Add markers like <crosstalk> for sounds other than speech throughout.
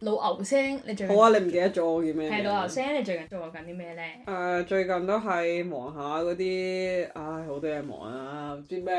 老牛聲，你最近好啊！你唔記得咗我叫咩？係 <noise> 老牛聲。你最近做緊啲咩咧？誒、呃，最近都係忙下嗰啲，唉、哎，好多嘢忙啊！唔知咩，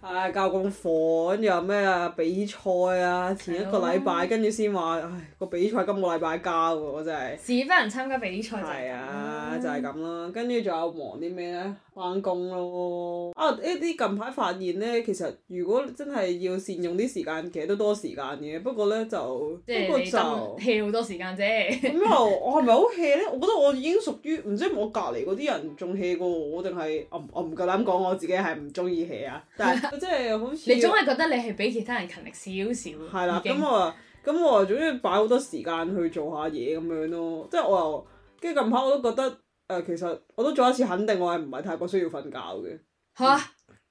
唉、啊，教功課，跟住又咩啊比賽啊！前一個禮拜跟住先話，唉、哦，哎嗰個比賽今個禮拜交喎，我真係。是非人參加比賽就係啊，就係咁啦。跟住仲有忙啲咩咧？翻工咯。一啲近排發現咧，其實如果真係要善用啲時間，其實都多時間嘅。不過咧就，是不過就 hea 好燈多時間啫。咁 <laughs> 啊，我係咪好 hea 咧？我覺得我已經屬於唔知係咪我隔離嗰啲人仲 hea 過我定係我唔夠膽講我自己係唔中意 hea 啊。但係即係好似你總係覺得你係比其他人勤力少少。係啦，咁我咁我總之擺好多時間去做下嘢咁樣咯。即係我又跟住近排我都覺得誒、呃，其實我都做一次肯定，我係唔係太過需要瞓覺嘅。嚇、嗯！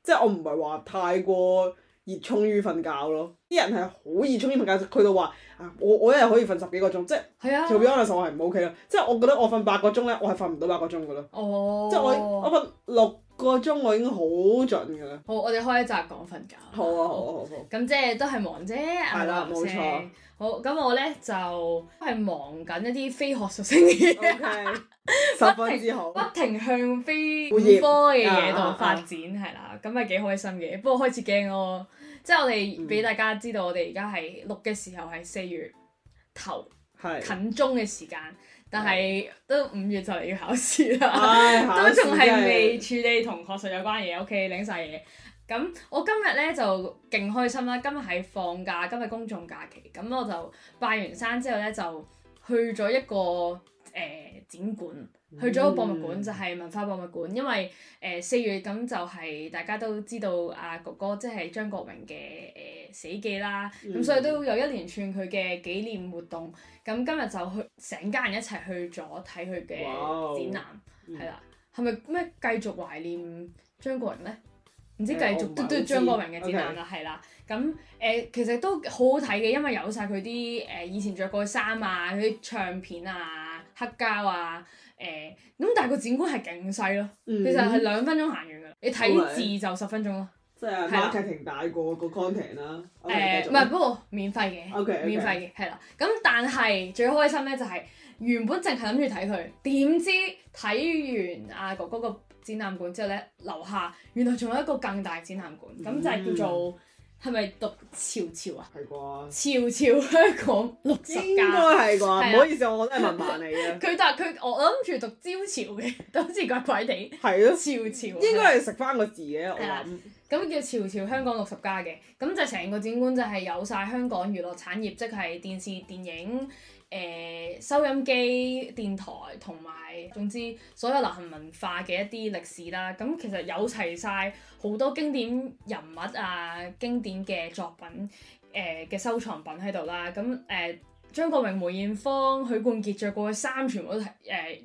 即係我唔係話太過熱衷於瞓覺咯，啲人係好熱衷於瞓覺。佢就話：啊，我我一日可以瞓十幾個鐘，即係。係啊。調變我係唔 OK 啦，即係我覺得我瞓八個鐘咧，我係瞓唔到八個鐘噶啦。哦。即係我我瞓六個鐘我已經好準㗎啦。好，我哋開一集講瞓覺。好啊，好，好，好。咁即係都係忙啫。係啦，冇錯。好，咁我咧就係忙緊一啲非學術性嘅嘢。十分之好。不停向非本科嘅嘢度發展，係啦，咁咪幾開心嘅。不過開始驚咯，即係我哋俾大家知道，我哋而家係錄嘅時候係四月頭係近中嘅時間。但係都五月就嚟要考試啦，哎，都仲係未處理同學術有關嘢，屋企、就是 okay，領晒嘢。咁我今日呢就勁開心啦！今日係放假，今日公眾假期，咁我就拜完山之後呢，就去咗一個。誒、呃、展館去咗個博物館、嗯、就係文化博物館，因為誒四、呃、月咁就係大家都知道阿、啊、哥哥即係、就是、張國榮嘅誒、呃、死忌啦，咁、嗯、所以都有一連串佢嘅紀念活動。咁今日就去成家人一齊去咗睇佢嘅展覽，係哇啦，係咪咩繼續懷念張國榮咧？唔、呃、知繼續、呃、知都都張國榮嘅展覽啦，係 okay. 啦。咁、嗯、誒、嗯嗯嗯呃、其實都好好睇嘅，因為有晒佢啲誒以前着過嘅衫啊，佢啲唱片啊。黑膠啊，誒、呃，咁但係個展館係勁細咯，嗯、其實係兩分鐘行完㗎，嗯、你睇字就十分鐘咯。嗯啊、即係 marketing 大過個 content 啦。誒、呃，唔係 Okay,，不過免費嘅，okay, okay. 免費嘅係啦。咁、啊、但係最開心咧就係原本淨係諗住睇佢，點知睇完阿、啊、哥哥個展覽館之後咧，樓下原來仲有一個更大嘅展覽館，咁、嗯、就係叫做。係咪讀潮潮啊？係啩吧？潮潮香港六十家應該係啩？唔 <laughs> 好意思， <laughs> 我問問 <laughs> 他他我覺得係文盲嚟嘅。佢但係佢我諗住讀朝潮嘅，都好似怪怪地。係咯、啊，潮潮應該係食翻個字嘅，啊、我諗想。咁叫潮潮香港六十家嘅，咁就成個展館就係有晒香港娛樂產業，即係電視電影。誒、呃、收音機、電台同埋，總之所有流行文化嘅一啲歷史啦，咁、嗯、其實有齊曬好多經典人物啊、經典嘅作品誒嘅、呃、收藏品喺度啦，咁、嗯、誒。呃張國榮、梅艷芳、許冠傑着過嘅衫，全部都係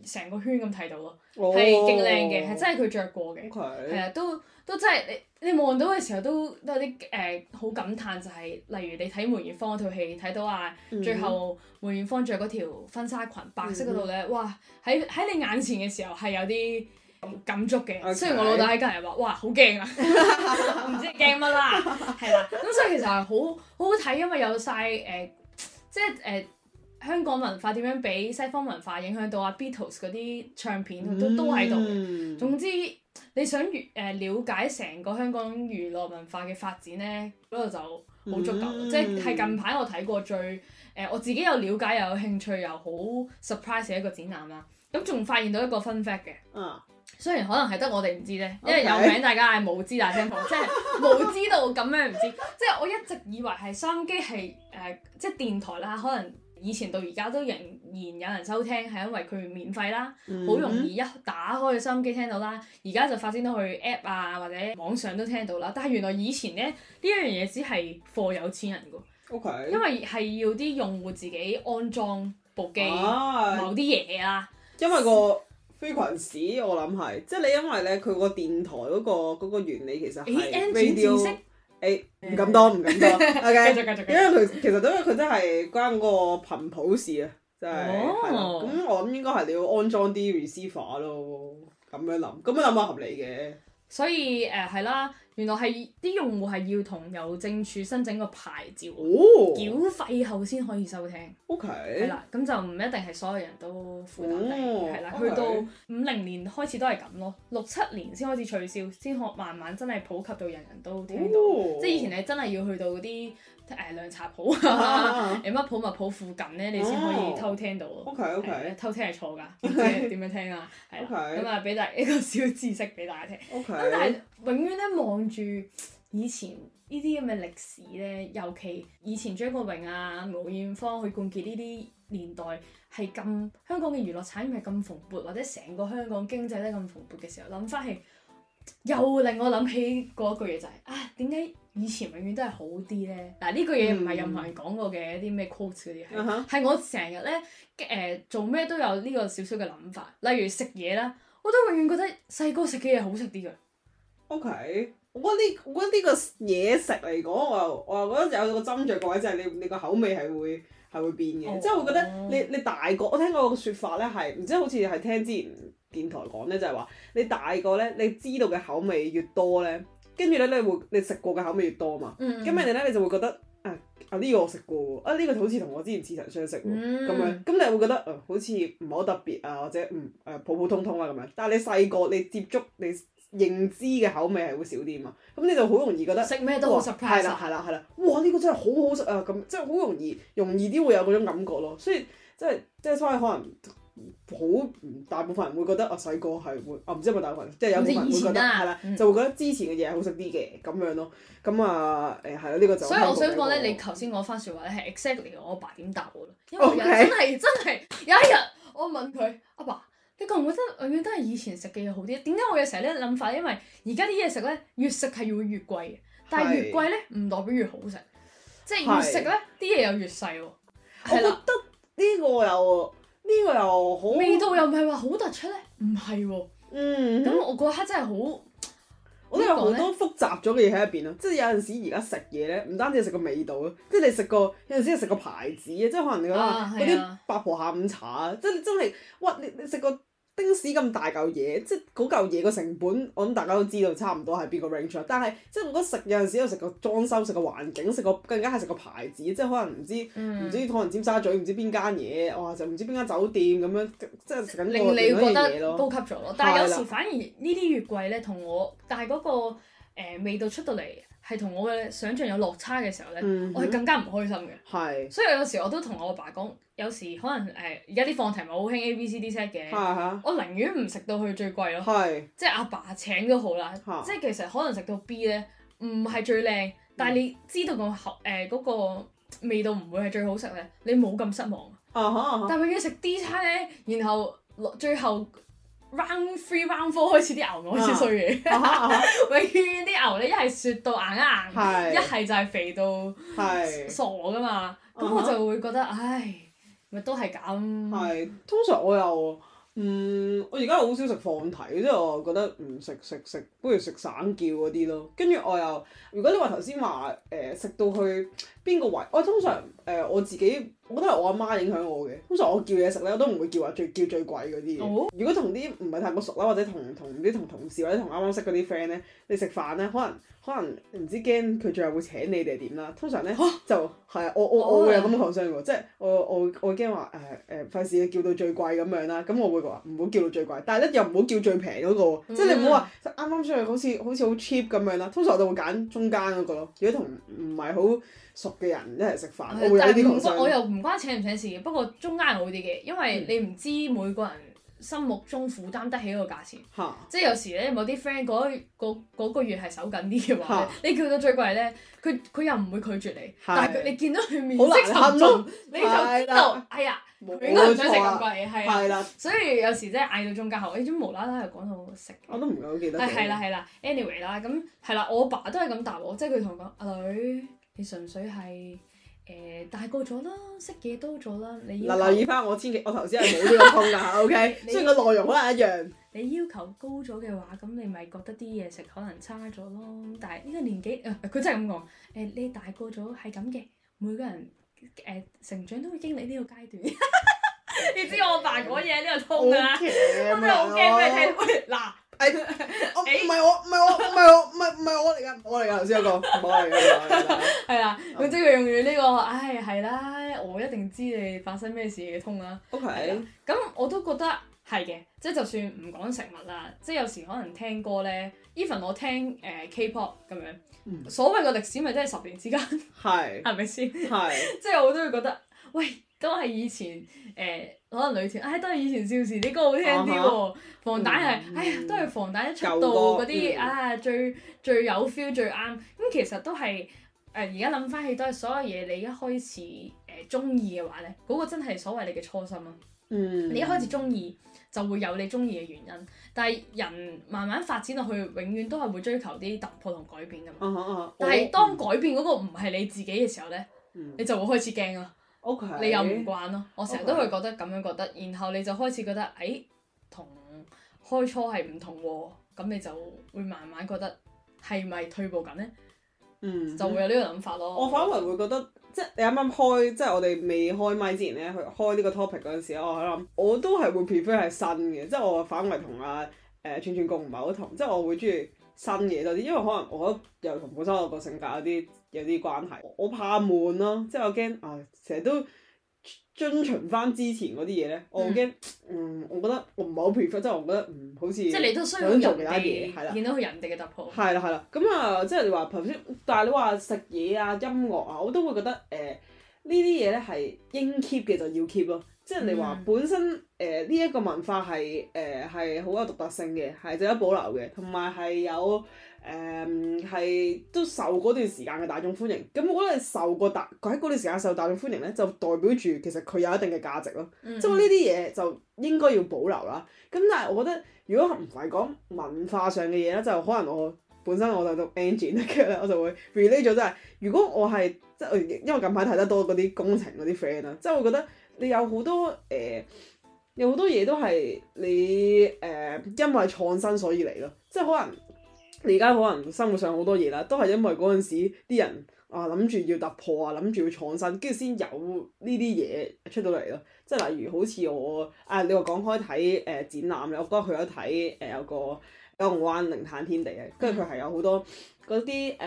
誒成個圈咁睇到咯，係勁靚嘅，係真係佢着過嘅，係啊，都都真係你你望到嘅時候都都有啲誒好感嘆，就係例如你睇梅艷芳嗰套戲，睇到啊最後梅艷芳着嗰條婚紗裙，白色嗰度咧，哇喺喺你眼前嘅時候係有啲感觸嘅。雖然我老豆喺隔日話，哇，好驚啊！唔知驚乜啦，係啦。咁所以其實係好好好睇，因為有晒。誒。即係誒、呃、香港文化點樣俾西方文化影響到啊 <noise> ？Beatles 嗰啲唱片都都喺度嘅。總之你想娛誒、呃、了解成個香港娛樂文化嘅發展咧，嗰度就好足夠。 <noise> 即係近排我睇過最誒、呃，我自己有了解又有興趣又好 surprise 嘅一個展覽啦。咁仲發現到一個 fun fact 嘅。嗯。Uh. 雖然可能係得我哋唔知啫，Okay. 因為有名大家係冇知但係聽過，即係冇知道咁 <laughs> 樣唔知。 <laughs> 即係我一直以為係收音機係誒、呃，即係電台啦。可能以前到而家都仍然有人收聽，係因為佢免費啦，好、嗯、容易一打開個收音機聽到啦。而家就發展到去 App 啊，或者網上都聽到啦。但係原來以前咧呢一樣嘢只係 for 有錢人嘅，Okay. 因為係要啲用戶自己安裝部機、啊、某啲嘢啦。因為個。frequency，我諗係，即係你因為咧，佢個電台嗰個，個原理其實係。唔、欸、敢當，唔敢當。因為佢其實都係佢真係關個頻譜事啊，真、就、係、是。咁、oh. 我諗應該係你要安裝啲 receiver 咯，咁樣諗，咁樣諗下合理嘅。所以誒，係、呃、啦。原來係啲用戶係要同郵政署申請個牌照，oh. 繳費後先可以收聽。O K，係啦，咁就唔一定係所有人都負擔得起，係啦，去到五零年開始都係咁咯，六七年先開始取消，先可慢慢真係普及到人人都聽到。Oh. 即係以前你真係要去到啲。誒、哎、涼茶鋪、啊，誒乜鋪物鋪附近咧，啊、你先可以偷聽到。O K O K，偷聽係錯㗎，點、okay, 樣 <laughs> 聽啊？O K，咁啊，俾大家一個小知識俾大家聽。O okay , K，但係永遠咧望住以前呢啲咁嘅歷史咧，尤其以前張國榮啊、梅艷芳、許冠傑呢啲年代，係咁香港嘅娛樂產業係咁蓬勃，或者成個香港經濟咧咁蓬勃嘅時候，諗翻起又令我諗起嗰一句嘢就係、是、啊，點、啊、解？啊啊啊以前永遠都係好啲咧，嗱，呢個嘢唔係任何人講過嘅一啲咩 quotes 嗰啲係，係我成日咧誒做咩都有呢個少少嘅諗法，例如食嘢啦，我都永遠覺得細個食嘅嘢好食啲嘅。O、okay, K，我覺得呢我覺得呢個嘢食嚟講，我我我覺得有一個爭在個位就係你你個口味係會係會變嘅，即係、oh、我覺得你你大個，我聽過個説法咧係，唔知好似係聽之前電台講咧就係、是、話你大個咧，你知道嘅口味越多咧。跟住咧，你會你食過嘅口味越多嘛，咁人哋咧你就會覺得啊啊呢個我食過，啊呢個好似同我之前似曾相識喎咁樣，咁、嗯、你會覺得好似唔好特別啊，或者唔誒、嗯、普普通通啊咁樣。但係你細個你接觸你認知嘅口味係會少啲嘛，咁你就好容易覺得食咩都好 surprise，係啦係啦係啦，哇呢個真係好好食啊咁，即係好容易容易啲會有嗰種感覺咯，所以即係即係所以可能。好大部分人會覺得啊，細個係會啊，唔知有冇大部分，即係有部分人會覺得係啦、啊嗯，就會覺得之前嘅嘢好食啲嘅咁樣咯。咁啊誒係咯，呢、呢個就所以我想講咧，我你頭先講返説話咧係 exactly 我阿爸點答我啦。因為真係真係有一日 Okay. 我問佢阿爸，爸，你覺唔覺得永遠都係以前食嘅嘢好啲？點解我有成日呢諗法？因為而家啲嘢食咧越食係會越貴，但係越貴咧唔代表越好食，是即係越食咧啲嘢又越細。是是我覺得呢個又～呢個又好，味道又唔係話好突出咧，唔係喎。嗯哼，咁我覺得真係好，我都有好多複雜咗嘅嘢喺入邊啦。即係有陣時而家食嘢咧，唔單止係食個味道咯，即係你食個有陣時食個牌子嘅，即係可能你覺得嗰啲八婆下午茶啊，啊即係你真係哇你你食個。丁屎咁大嚿嘢，即係嗰嚿嘢個成本，我諗大家都知道，差唔多係邊個 range 咯。但係即係我覺得食有陣時有食個裝修，食個環境，食個更加係食個牌子，即係可能唔知唔、嗯、知可能尖沙咀，唔知邊間嘢，哇、哦、就唔知邊間酒店咁樣，即係食緊個嗰啲嘢咯。高級咗咯，但係有時反而月呢啲越貴咧，同我但係嗰個。誒、呃、味道出到嚟係同我嘅想像有落差嘅時候呢，嗯、哼我係更加唔開心嘅。係是，所以有時我都同我阿爸講，有時可能誒而家啲放題咪好興 A B C D set 嘅，是是是我寧願唔食到佢最貴咯。是即係阿爸，爸請都好啦。是即係其實可能食到 B 呢唔係最靚，是但係你知道、嗰個合誒、呃嗰個、味道唔會係最好食呢，你冇咁失望。嗯、但係如果食 D 餐呢，然後最後。Round three, Round four 開始啲牛開始衰嘢，永遠啲牛咧一係雪到硬一硬，一係是就係肥到是傻噶嘛，咁、uh huh, 我就會覺得唉，咪都係咁。係通常我又嗯，我而家好少食放題，即係我覺得唔食食食，不如食散叫嗰啲咯。跟住我又，如果你話頭先話誒食到去邊個位，我、哦、通常誒、呃、我自己。我覺得係我阿媽，媽影響我嘅，通常我叫嘢食咧，我都唔會叫話最叫最貴嗰啲，哦、如果同啲唔係太咁熟啦，或者同同啲同同事或者同啱啱識嗰啲 friend 咧，你食飯咧，可能可能唔知驚佢最後會請你哋係點啦。通常咧嚇、啊、就係我我、哦啊、我會有咁嘅 concern 喎，即係我我我驚話誒誒費事叫到最貴咁樣啦，咁我會話唔好叫到最貴，但係咧又唔好叫最平嗰，那個，即係、嗯啊、你唔好話啱啱出去好似好似好 cheap 咁樣啦。通常我就會揀中間嗰，那個咯，如果同唔係好。熟嘅人一齊食飯，但呢啲互我又唔關請唔請事，不過中間係好啲嘅，因為你唔知每個人心目中負擔得起個價錢。即係有時咧，某啲 friend 嗰個月係守緊啲嘅話，你叫到最貴咧，佢佢又唔會拒絕你。但係你見到佢面色沉重，你就知道係啊，佢唔想食咁貴，係啊。所以有時真係嗌到中間後，你都無啦啦係講到食。我都唔記得。係啦係啦，anyway 啦，咁係啦，我爸都係咁答我，即係佢同我講：阿女。你純粹係誒、呃、大個咗啦，識嘢多咗啦。你留意翻我千祈，我頭先係冇呢個通噶 <laughs> ，OK。雖然個內容可能一樣。你要，你要求高咗嘅話，咁你咪覺得啲嘢食可能差咗咯。但係呢個年紀，佢、呃、真係咁講。誒，你大個咗係咁嘅，每個人誒、呃、成長都會經歷呢個階段。 <laughs> 你知我爸講嘢呢個通噶啦，我真係好驚咩？佢睇到。嗱。誒，唔係我，唔係我，唔係我，唔係唔係我嚟噶，我嚟噶，頭先嗰個，唔係我嚟噶。係啦，咁即係用完呢個，唉，係啦，我一定知你發生咩事嘅通啦。OK。咁我都覺得係嘅，即係就算唔講食物啦，即係有時可能聽歌咧，even 我聽誒 K-pop 咁樣，所謂嘅歷史咪真係十年之間，係係咪先？係，即係我都會覺得，喂，都係以前誒。可能女前，唉，都係以前少時啲歌好聽啲喎。防彈係，哎呀，都係防彈一出道嗰啲，哎，最最有 feel 最啱。咁其實都係誒，而家諗翻起都係所有嘢，你一開始誒中意嘅話咧，嗰個真係所謂你嘅初心啊。嗯。你一開始中意就會有你中意嘅原因，但係人慢慢發展落去，永遠都係會追求啲突破同改變噶嘛。嗯嗯嗯。但係當改變嗰個唔係你自己嘅時候咧，你就會開始驚啦。Okay. 你又唔慣咯，我成日都會覺得咁樣覺得，Okay. 然後你就開始覺得，誒、欸，同開初係唔同喎，咁你就會慢慢覺得係咪退步緊呢？嗯哼，就會有呢個諗法咯。我反為會覺得，覺得即係你啱啱開，即係我哋未開麥之前咧，開呢個 topic 嗰陣時候，我我諗我都係會 prefer 係新嘅，即係我反為同阿誒串串貢唔係好同，即係我會中意新嘢多啲，因為可能我覺得又同本身我個性格有啲有啲關係，我怕悶咯、啊，即係我驚啊，成日都遵循返之前嗰啲嘢咧，我驚嗯，嗯，我覺得我唔係好 prefer，即係我覺得嗯，好似即係你都想做其他嘢，需要人哋見到佢人哋嘅突破，係啦係啦，咁啊，即係你話頭先，但係你話食嘢啊、音樂啊，我都會覺得誒呢啲嘢咧係應 keep 嘅就要 keep 咯。即係人哋話本身誒呢一個文化係誒係好有獨特性嘅，係值得保留嘅，同埋係有誒係、呃、都受嗰段時間嘅大眾歡迎。咁我覺得受過大喺嗰段時間受大眾歡迎咧，就代表住其實佢有一定嘅價值咯。即係呢啲嘢就應該要保留啦。咁但係我覺得如果唔係講文化上嘅嘢咧，就可能我本身我就讀 engine 嘅，我就會 relate 咗。真係，如果我係即係因為近排睇得多嗰啲工程嗰啲 friend 啊，即係我覺得。你有好多誒、呃，有好多嘢都係你誒、呃，因為創新所以嚟咯。即係可能你而家可能生活上好多嘢啦，都係因為嗰陣時啲人啊諗住要突破啊，諗住要創新，跟住先有呢啲嘢出到嚟咯。即係例如好似我啊，你話講開睇誒展覽咧，我剛去咗睇誒有個。九龍灣零碳天地啊，跟住佢係有好多嗰啲誒，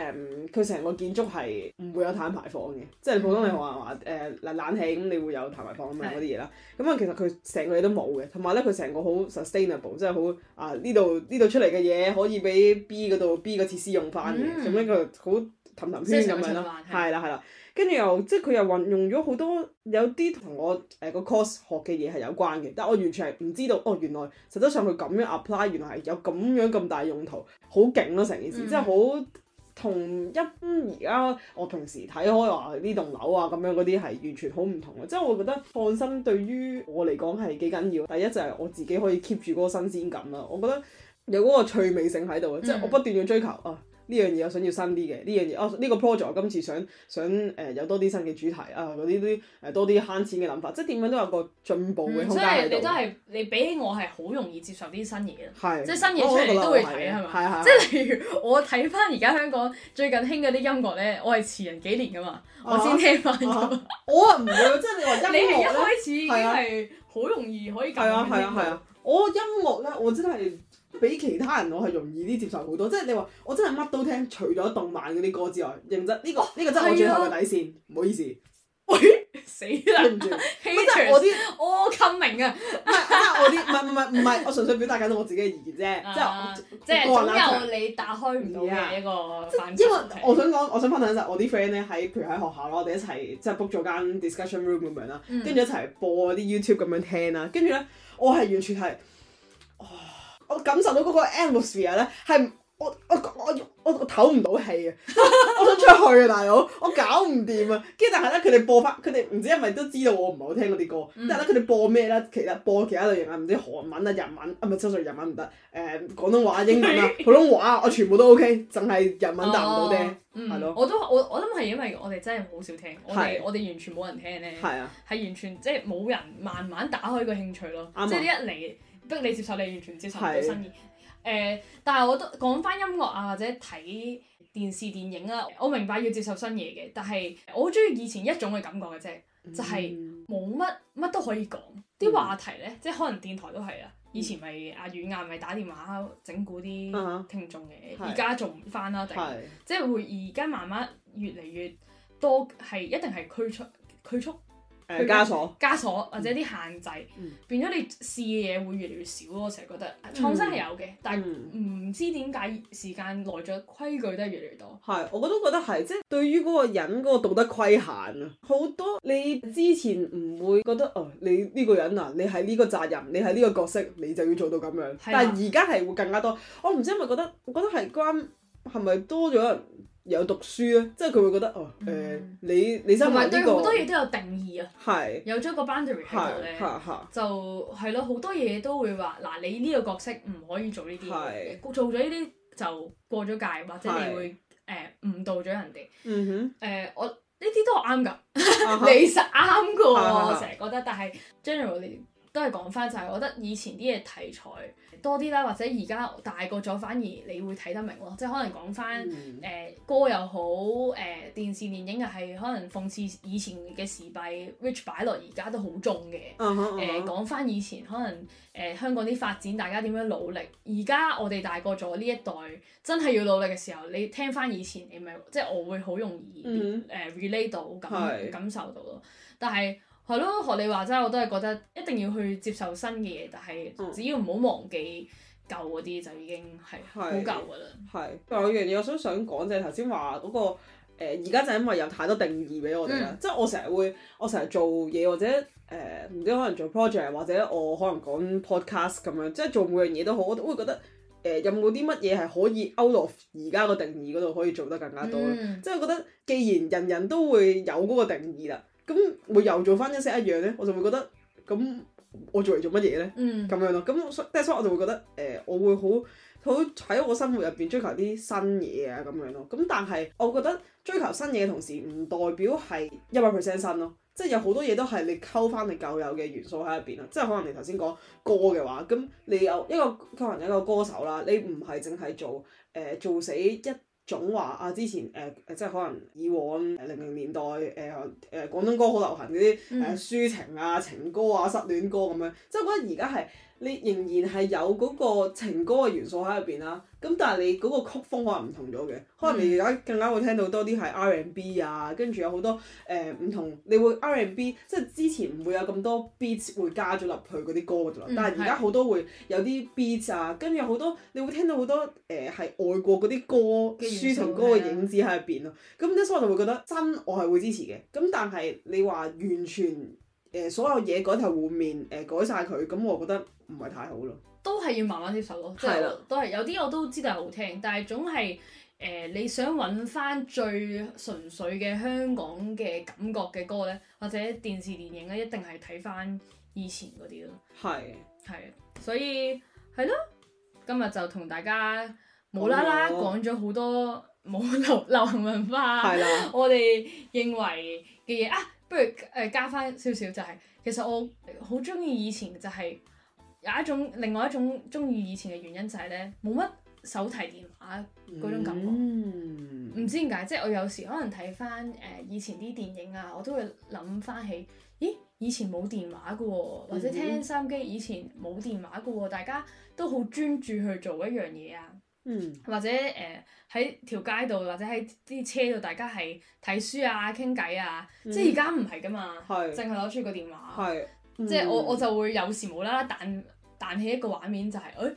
佢成、嗯、個建築係唔會有碳排放嘅，即係普通你可能話誒嗱冷氣咁，你會有碳排放咁樣嗰啲嘢啦。咁啊、嗯、其實佢成個嘢都冇嘅，同埋咧佢成個好 sustainable，即係好啊呢度呢度出嚟嘅嘢可以俾 B 嗰度 B 個設施用翻嘅，咁樣佢好。氹氹圈，咁樣啦，係啦係啦，跟住又即係佢又運用咗好多有啲同我誒個 course 學嘅嘢係有關嘅，但係我完全係唔知道哦，原來實質上佢咁樣 apply，原來係有咁樣咁大用途，好勁咯成件事，嗯、即係好同一而家我平時睇開話呢棟樓啊咁樣嗰啲係完全好唔同嘅，即係我覺得創新對於我嚟講係幾緊要。第一就係我自己可以 keep 住嗰個新鮮感啦，我覺得有嗰個趣味性喺度，即係、嗯、我不斷要追求啊。呢樣嘢我想要新啲嘅，呢樣嘢哦呢個 project 我今次想想誒有多啲新嘅主題啊，嗰啲啲誒多啲慳錢嘅諗法，即係點樣都有個進步嘅空間喺度。你都係你比起我係好容易接受啲新嘢咯，即係新嘢出嚟都會睇係嘛？即係例如我睇翻而家香港最近興嗰啲音樂咧，我係遲人幾年噶嘛，我先聽翻噶嘛。我啊唔會，即係你話音樂咧，係啊，你一開始已經好容易可以。係啊係啊係啊！我音樂咧，我真係。比其他人我係容易啲接受好多，即係你話我真係乜都聽，除咗動漫嗰啲歌之外，認真呢個呢個真係我最後嘅底線，唔好意思。喂，死啦，對唔住。我啲我禁名啊！唔係，我啲唔係唔係唔係，我純粹表達緊我自己嘅意見啫。即係即係。總有你打開唔到嘅一個範疇。因為我想講，我想分享就係我啲 friend 咧喺譬如喺學校咯，我哋一齊即係 book 咗間 discussion room 咁樣啦，跟住一齊播啲 YouTube 咁樣聽啦，跟住咧我係完全係。我感受到嗰個 atmosphere 咧係我我我我唞唔到氣啊！我想出去啊，大佬，我搞唔掂啊！跟住但係咧，佢哋播翻佢哋唔知係咪都知道我唔好聽嗰啲歌，但係咧佢哋播咩咧？其實播其他類型啊，唔知韓文啊、日文啊，唔係粗俗日文唔得，誒廣東話、英文啊、普通話，我全部都 OK，淨係日文打唔到啫。係咯？我都我我諗係因為我哋真係好少聽，我哋我哋完全冇人聽咧，係啊，係完全即係冇人慢慢打開個興趣咯，即係一嚟。逼你接受，你完全接受唔到新嘢。誒是、呃，但係我都講翻音樂啊，或者睇電視電影啊，我明白要接受新嘢嘅。但係我好中意以前一種嘅感覺嘅啫，就係冇乜乜都可以講啲、嗯、話題咧，即係可能電台都係啊，以前咪阿軟硬咪打電話整蠱啲聽眾嘅，而家、嗯嗯、做唔翻啦，定即係是會而家慢慢越嚟越多係一定係拒絕拒絕。誒枷、呃、鎖、枷鎖或者啲限制，嗯嗯、變咗你試嘅嘢會越嚟越少咯。我成日覺得創新係有嘅，嗯、但係唔知點解時間來咗，規矩都係越嚟越多。係，我都覺得係，即、就、係、係、對於嗰個人嗰個道德規限啊，好多你之前唔會覺得，哦，你呢個人啊，你係呢個責任，你係呢個角色，你就要做到咁樣。係嘅。但係而家係會更加多，我唔知係咪覺得，我覺得係關係咪多咗人。有讀書啊，即係佢會覺得哦，誒你你生同埋對好多嘢都有定義啊，係有咗個 boundary 喺度咧，就係咯，好多嘢都會話嗱，你呢個角色唔可以做呢啲嘅，做咗呢啲就過咗界，或者你會誒誤導咗人哋。嗯哼，誒我呢啲都係啱㗎，你實啱㗎，我成日覺得，但係 generally 都係講翻，就係、是、我覺得以前啲嘢題材多啲啦，或者而家大個咗，反而你會睇得明咯。即係可能講翻誒歌又好，誒、呃、電視電影又係可能諷刺以前嘅時弊，which 擺落而家都好重嘅。誒講翻以前可能誒、呃、香港啲發展，大家點樣努力。而家我哋大個咗呢一代，真係要努力嘅時候，你聽翻以前，你咪即係我會好容易誒、嗯呃、relate 到，感的感受到咯。的但係。係咯，學你話齋，我都係覺得一定要去接受新嘅嘢，但係只要唔好忘記舊嗰啲，就已經係好舊噶啦。係另外一樣嘢，我想講、嗰個呃、就係頭先話嗰個而家就因為有太多定義俾我哋啦。嗯、即係我成日會，我成日做嘢或者誒，唔、呃、知可能做 project 或者我可能講 podcast 咁樣，即係做每樣嘢都好，我都會覺得誒、呃，有冇啲乜嘢係可以 out of 而家個定義嗰度可以做得更加多、嗯、即係我覺得，既然人人都會有嗰個定義啦。咁會又做翻一式一樣咧，我就會覺得咁我做嚟做乜嘢咧？咁、嗯、咁樣咯。咁即係所以我就會覺得誒、呃，我會好好喺我生活入邊追求啲新嘢啊咁樣咯。咁但係我覺得追求新嘢嘅同時，唔代表係一百 percent 新咯。即、就、係、是、有好多嘢都係你溝翻你舊有嘅元素喺入邊啊。即、就、係、是、可能你頭先講歌嘅話，咁你有一個可能有一個歌手啦，你唔係淨係做誒、呃、做死一。總話啊，之前誒誒、呃，即係可能以往零零年代誒誒廣東歌好流行嗰啲誒抒情啊、情歌啊、失戀歌咁樣，即係我覺得而家係。你仍然係有嗰個情歌嘅元素喺入邊啦，咁但係你嗰個曲風可能唔同咗嘅，可能你而家更加會聽到多啲係 R&B 啊，跟住有好多誒唔、呃、同，你會 R&B 即係之前唔會有咁多 beats 會加咗入去嗰啲歌度啦，但係而家好多會有啲 beats 啊，跟住好多你會聽到好多誒係、呃、外國嗰啲歌嘅抒情歌嘅影子喺入邊咯，咁呢所以我就會覺得真我係會支持嘅，咁但係你話完全誒、呃、所有嘢改頭換面誒、呃、改晒佢，咁我覺得。唔係太好咯，都係要慢慢接受咯。係啦的，都係有啲我都知，但係好聽，但係總係誒、呃、你想揾翻最純粹嘅香港嘅感覺嘅歌呢，或者電視電影呢，一定係睇翻以前嗰啲咯。係係的，所以係咯，今日就同大家無啦啦講咗好多冇流流行文化，的 <laughs> 我哋認為嘅嘢啊，不如誒、呃、加翻少少就係、是、其實我好中意以前就係、是。有一種另外一種鍾意以前嘅原因就係、是、呢：冇乜手提電話嗰種感覺，唔、嗯、知點解。即係我有時可能睇翻誒以前啲電影啊，我都會諗翻起，咦，以前冇電話㗎喎，或者聽收音機以前冇電話㗎喎，大家都好專注去做一樣嘢啊、嗯或呃，或者誒喺條街度或者喺啲車度，大家係睇書啊、傾偈啊，嗯、即係而家唔係㗎嘛，淨係攞出個電話。嗯、即係我我就會有時無啦啦彈彈起一個畫面，就是，就係誒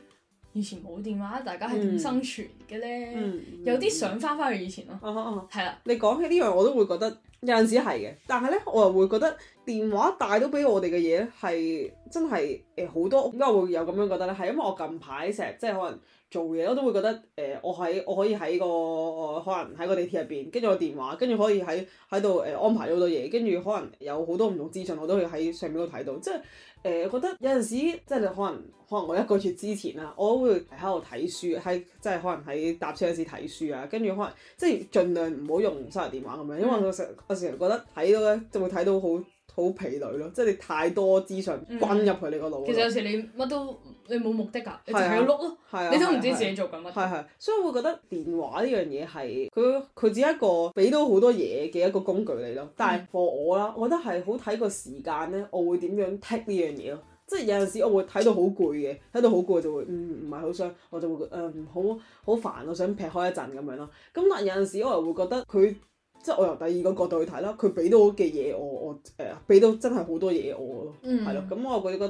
以前冇電話，大家係點生存嘅咧？嗯嗯、有啲想翻翻去以前咯。係啦，你講起呢、這、樣、個、我都會覺得有陣時係嘅，但係咧我又會覺得電話帶到俾我哋嘅嘢係真係誒好多，點解會有咁樣覺得咧？係因為我近排成日即係可能。做嘢我都會覺得，誒、呃，我喺我可以喺個可能喺個地鐵入邊，跟住個電話，跟住可以喺喺度誒安排咗好多嘢，跟住可能有好多唔同資訊，我都會喺上面度睇到，即係誒、呃、覺得有陣時即係你可能可能我一個月之前啦，我都會喺度睇書，喺即係可能喺搭車嗰時睇書啊，跟住可能即係儘量唔好用手提電話咁樣，因為我成、嗯、我成日覺得睇到咧就會睇到好。好疲累咯，即係你太多資訊、嗯、轟入去你個腦。其實有時你乜都你冇目的㗎，啊、你就係要碌咯，啊、你都唔知自己做緊乜。係係、啊啊啊啊啊，所以我會覺得電話呢樣嘢係佢佢只係一個俾到好多嘢嘅一個工具嚟咯。但係、嗯、for 我啦，我覺得係好睇個時間咧，我會點樣剔呢樣嘢咯。即係有陣時我會睇到好攰嘅，睇到好攰就會唔唔係好想，我就會誒好好煩，我想劈開一陣咁樣咯。咁但係有陣時我又會覺得佢。即係我由第二個角度去睇啦，佢俾到嘅嘢我我誒俾、呃、到真係好多嘢我咯，係咯、嗯，咁、嗯嗯、我覺得覺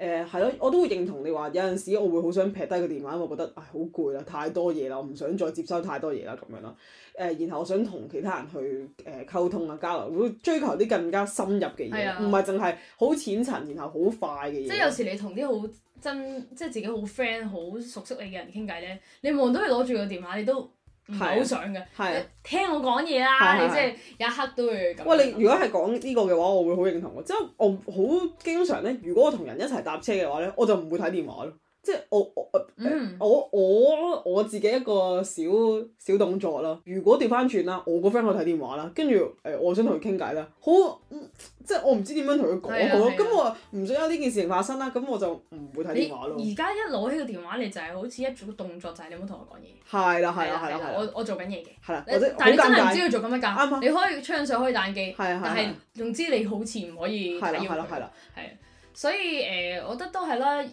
得誒係咯，我都會認同你話有陣時我會好想劈低個電話，我覺得唉好攰啦，太多嘢啦，我唔想再接收太多嘢啦咁樣啦。誒、呃，然後我想同其他人去誒溝、呃、通啊交流，會追求啲更加深入嘅嘢，唔係淨係好淺層，然後好快嘅嘢。即係有時你同啲好真，即係自己好 friend、好熟悉你嘅人傾偈咧，你望到佢攞住個電話，你都～係好想嘅，的聽我講嘢啦，的你即係一刻都會咁的。哇！你如果係講呢個嘅話，我會好認同嘅，即係我好經常咧。如果我同人一齊搭車嘅話咧，我就唔會睇電話咯。即係我我我我自己一個小小動作啦。如果調翻轉啦，我個 friend 去睇電話啦，跟住誒，我想同佢傾偈啦，好即係我唔知點樣同佢講好咯。咁我唔想有呢件事情發生啦，咁我就唔會睇電話咯。而家一攞起個電話你就係好似一組動作，就係你冇同我講嘢。係啦係啦係啦，我我做緊嘢嘅。係啦，但係你真係唔知道做緊乜㗎？你可以吹緊水，可以彈機，但係總之你好似唔可以打電話。係啦係啦係啦，係。所以誒、呃，我覺得都係啦，誒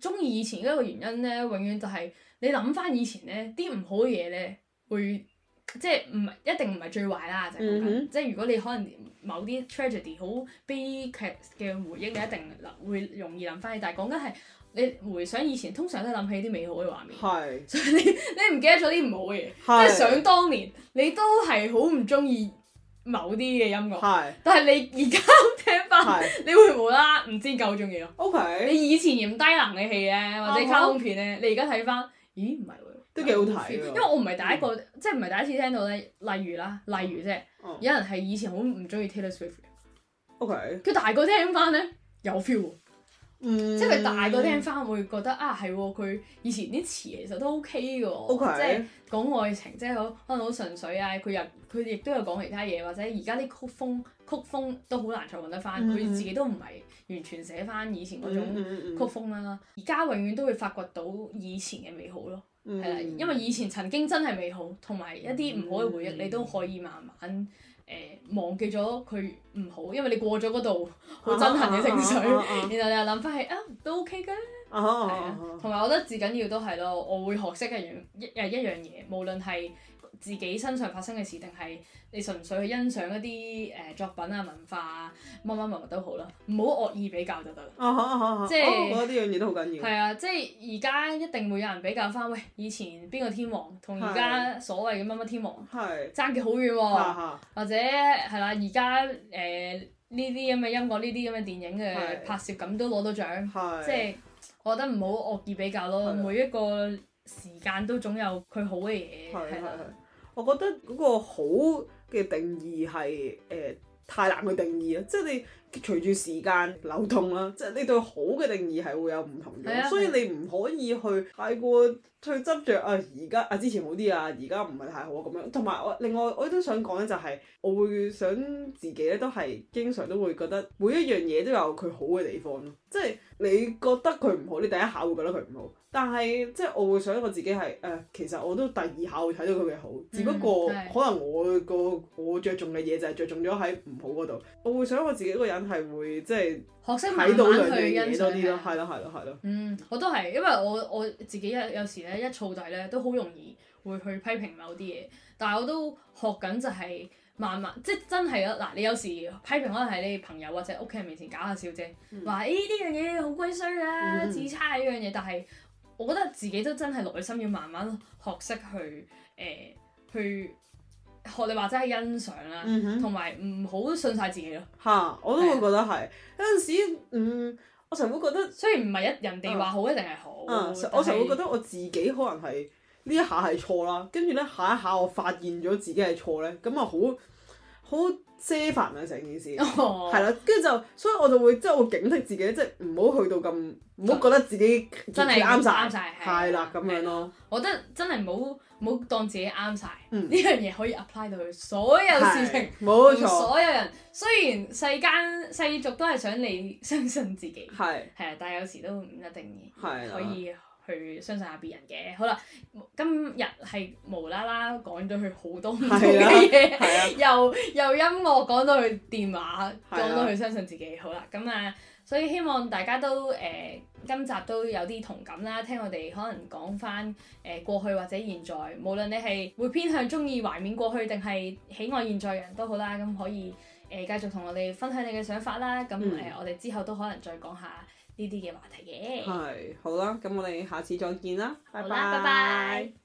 中意以前一個原因咧，永遠就係、是、你諗翻以前咧，啲唔好嘅嘢咧，會即係唔係一定唔係最壞啦，就係咁，hmm. 即係如果你可能某啲 tragedy 好悲劇嘅回憶你一定諗會容易諗翻。但係講緊係你回想以前，通常都諗起啲美好嘅畫面。係是。所以你你唔記得咗啲唔好嘢，即係是想當年你都係好唔中意。某啲嘅音樂，Yes. 但係你而家聽翻，Yes. <laughs> 你會唔會啦，唔知夠唔夠鍾意咯。O Okay . K，你以前嫌低能嘅戲咧，或者卡通片咧，你而家睇翻，咦唔係喎，都幾好睇。因為我唔係第一個，嗯、即係唔係第一次聽到咧。例如啦，例如即係、嗯、有人係以前好唔中意 Taylor Swift，O 嘅。K，Okay .佢大個聽翻咧有 feel。嗯、即係佢大個聽翻會覺得啊，係喎，佢以前啲詞其實都 OK 嘅，okay. 即係講愛情，即係可能好純粹啊。佢又佢亦都有講其他嘢，或者而家啲曲風曲風都好難再揾得翻。佢、嗯、自己都唔係完全寫翻以前嗰種曲風啦。而家、嗯嗯嗯、永遠都會發掘到以前嘅美好咯，係啦、嗯，因為以前曾經真係美好，同埋一啲唔好嘅回憶，嗯、你都可以慢慢。呃、忘記咗佢唔好，因為你過咗嗰度好憎恨嘅情緒，啊、哈 然後你又諗翻係啊都 OK 嘅，係啊，同埋我覺得至緊要都係咯，我會學識一樣一誒一,一,一樣嘢，無論係。自己身上發生嘅事，定係你純粹去欣賞一啲誒作品啊、文化啊、乜乜乜物都好啦，唔好惡意比較就得啦。哦哦哦哦，即係我覺得呢樣嘢都好緊要。係啊，即係而家一定會有人比較翻，喂，以前邊個天王同而家所謂嘅乜乜天王，爭極好遠喎。或者係啦，而家誒呢啲咁嘅音樂、呢啲咁嘅電影嘅拍攝咁都攞到獎，即係我覺得唔好惡意比較咯。每一個時間都總有佢好嘅嘢。係係我覺得嗰個好嘅定義係誒、呃、太難去定義啊！即係你隨住時間流動啦，即係你對好嘅定義係會有唔同嘅，啊、所以你唔可以去太過去執着。啊！而家啊之前好啲啊，而家唔係太好啊咁樣。同埋我另外我都想講咧，就係我會想自己咧，都係經常都會覺得每一樣嘢都有佢好嘅地方咯。即係你覺得佢唔好，你第一下會覺得佢唔好。但係即係我會想我自己係誒、呃，其實我都第二下會睇到佢嘅好，嗯、只不過可能我個的我着重嘅嘢就係着重咗喺唔好嗰度。我會想我自己個人係會即係學識慢到佢嘅賞多啲咯，係咯係咯係咯。的嗯，我都係，因為我我自己一有時咧一燥底咧都好容易會去批評某啲嘢，但係我都學緊就係慢慢即係真係啦。嗱，你有時批評可能喺你朋友或者屋企人面前搞下笑啫，話，誒呢樣嘢好鬼衰啊，自差呢樣嘢，但係。但我覺得自己都真係內心要慢慢學識去誒、呃，去學你話齋欣賞啦，同埋唔好信晒自己咯。嚇！我都會覺得係、呃、有陣時，嗯，我成日會覺得雖然唔係一人哋話好一定係好，啊啊、是我成日會覺得我自己可能係呢一下係錯啦，跟住咧下一下我發現咗自己係錯咧，咁啊好好。些煩啊！成件事，係啦，跟住就，所以我就會即係會警惕自己，即係唔好去到咁，唔好覺得自己、啊、真係啱晒。係啦咁樣咯。我覺得真係唔好當自己啱晒，呢樣嘢可以 apply 到佢。所有事情，冇錯，所有人。雖然世間世俗都係想你相信自己，係係啊，但係有時都唔一定嘅可以。去相信下別人嘅，好啦，今日係無啦啦講咗佢好多唔同嘅嘢，由由、啊啊、 <laughs> 音樂講到佢電話，講、啊、到佢相信自己，好啦，咁啊，所以希望大家都誒、呃、今集都有啲同感啦，聽我哋可能講返誒過去或者現在，無論你係會偏向中意懷緬過去定係喜愛現在嘅人都好啦，咁可以誒、呃、繼續同我哋分享你嘅想法啦，咁誒、啊嗯、我哋之後都可能再講下。呢啲嘅話題嘅係好啦，咁我哋下次再見啦，吧拜拜，拜拜。